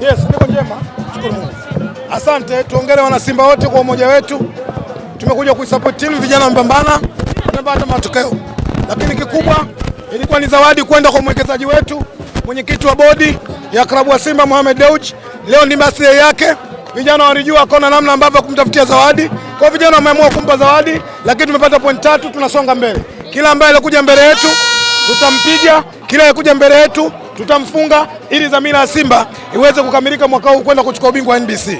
Yes, niko njema, shukuru Mungu. Asante, tuongere wana Simba wote kwa umoja wetu. Tumekuja kuisupport timu, vijana wamepambana, tumepata matokeo, lakini kikubwa ilikuwa ni zawadi kwenda kwa mwekezaji wetu, mwenyekiti wa bodi ya klabu ya Simba Mohamed Dewji. Leo ni birthday yake, vijana walijua kona namna ambavyo kumtafutia zawadi, kwa vijana wameamua kumpa zawadi, lakini tumepata point tatu, tunasonga mbele. Kila ambaye alikuja mbele yetu tutampiga kila yakuja mbele yetu tutamfunga, ili dhamira ya Simba iweze kukamilika mwaka huu kwenda kuchukua ubingwa wa NBC.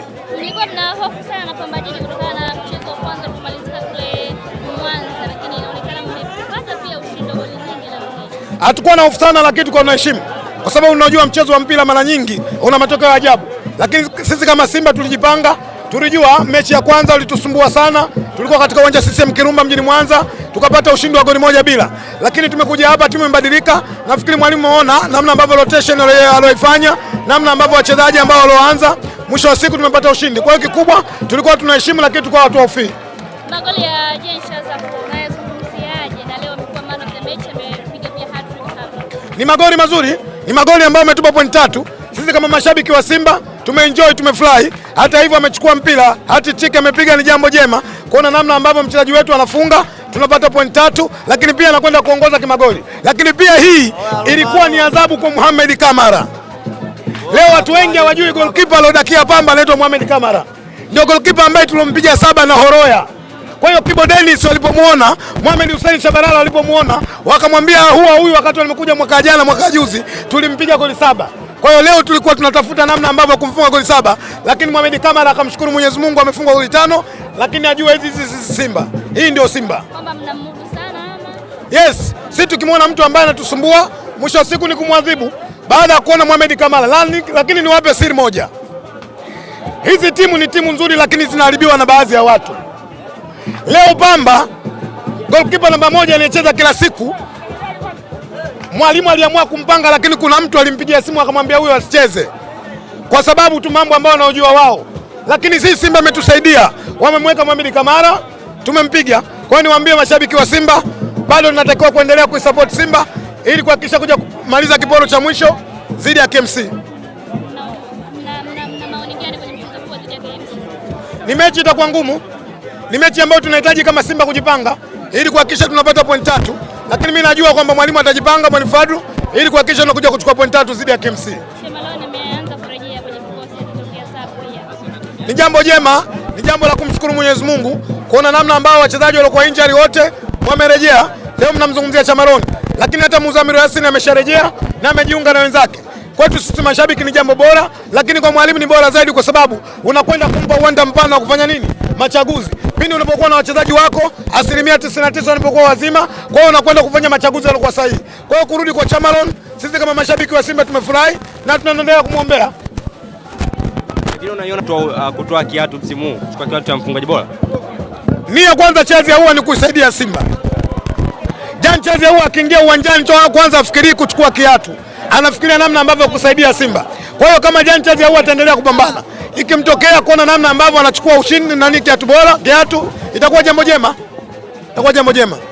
Hatukuwa na hofu sana, lakini tuko na heshima, kwa sababu unajua mchezo wa mpira mara nyingi una matokeo ya ajabu, lakini sisi kama Simba tulijipanga tulijua mechi ya kwanza ulitusumbua sana, tulikuwa katika uwanja CCM Kirumba mjini Mwanza, tukapata ushindi wa goli moja bila, lakini tumekuja hapa, timu imebadilika. Nafikiri mwalimu aona namna ambavyo rotation aliyoifanya, namna ambavyo wachezaji ambao walioanza, mwisho wa siku tumepata ushindi. Kwa hiyo kikubwa tulikuwa tunaheshimu, lakini tulikuwa watu waufii ni magoli mazuri, ni magoli ambayo ametupa point tatu. Sisi kama mashabiki wa Simba tumeenjoy, tumefurahi. Hata hivyo amechukua mpira, hati chiki amepiga, ni jambo jema kuona namna ambavyo mchezaji wetu anafunga tunapata point tatu, lakini pia anakwenda kuongoza kimagoli. Lakini pia hii ilikuwa ni adhabu kwa Muhammad Kamara. Leo watu wengi hawajui goalkeeper aliodakia pamba anaitwa Muhammad Kamara, ndio goalkeeper ambaye tulompiga saba na Horoya. Kwa hiyo Kibo Dennis walipomuona Mohamed Hussein Shabalala walipomuona wakamwambia huwa huyu, wakati walimekuja mwaka jana mwaka juzi tulimpiga goli saba. Kwa hiyo leo tulikuwa tunatafuta namna ambavyo kumfunga goli saba, lakini Mohamed Kamara akamshukuru Mwenyezi Mungu amefunga goli tano, lakini ajua hizi si Simba, hii ndio Simba. Kwamba mnamudu sana ama? Yes, si tukimwona mtu ambaye anatusumbua mwisho wa siku ni kumwadhibu baada ya kuona Mohamed Kamara. Lakini niwape siri moja, hizi timu ni timu nzuri, lakini zinaharibiwa na baadhi ya watu. Leo Pamba goalkeeper namba moja anayecheza kila siku Mwalimu aliamua kumpanga, lakini kuna mtu alimpigia simu akamwambia huyo asicheze kwa sababu tu mambo ambayo wanaojua wao. Lakini sisi Simba ametusaidia, wamemweka Mohamed Kamara, tumempiga. Kwa hiyo niwaambie mashabiki wa Simba, bado natakiwa kuendelea kuisapoti Simba ili kuhakikisha kuja kumaliza kiporo cha mwisho dhidi ya KMC. Ni mechi itakuwa ngumu, ni mechi ambayo tunahitaji kama Simba kujipanga ili kuhakikisha tunapata point tatu, lakini mimi najua kwamba mwalimu atajipanga, mwalimu Fadlu, ili kuhakikisha tunakuja kuchukua point tatu dhidi ya KMC. Ni jambo jema, ni jambo la kumshukuru Mwenyezi Mungu kuona namna ambao wachezaji waliokuwa injury wote wamerejea. Leo mnamzungumzia Chamaroni, lakini hata Muzamiru Yasini amesharejea na amejiunga na wenzake. Kwetu sisi mashabiki ni jambo bora, lakini kwa mwalimu ni bora zaidi, kwa sababu unakwenda kumpa uwanda mpana wa kufanya nini, machaguzi pindi unapokuwa na wachezaji wako asilimia 99 wanapokuwa wazima, kwa hiyo unakwenda kufanya machaguzi yaliokuwa sahihi. Kwa hiyo kurudi kwa Chamaron, sisi kama mashabiki wa Simba tumefurahi na tunaendelea kumwombea. Lakini unaiona uh, kutoa kiatu msimu huu, kuchukua kiatu cha mfungaji bora, nia kwanza chazi ya huwa ni kuisaidia Simba. Jan chazi ya huwa akiingia uwanjani toa kwanza afikirii kuchukua kiatu, anafikiria namna ambavyo kusaidia Simba. Kwa hiyo kama Jan chazi ya huwa ataendelea kupambana ikimtokea kuona namna ambavyo anachukua ushindi na nini kiatu bora kiatu, itakuwa jambo jema, itakuwa jambo jema.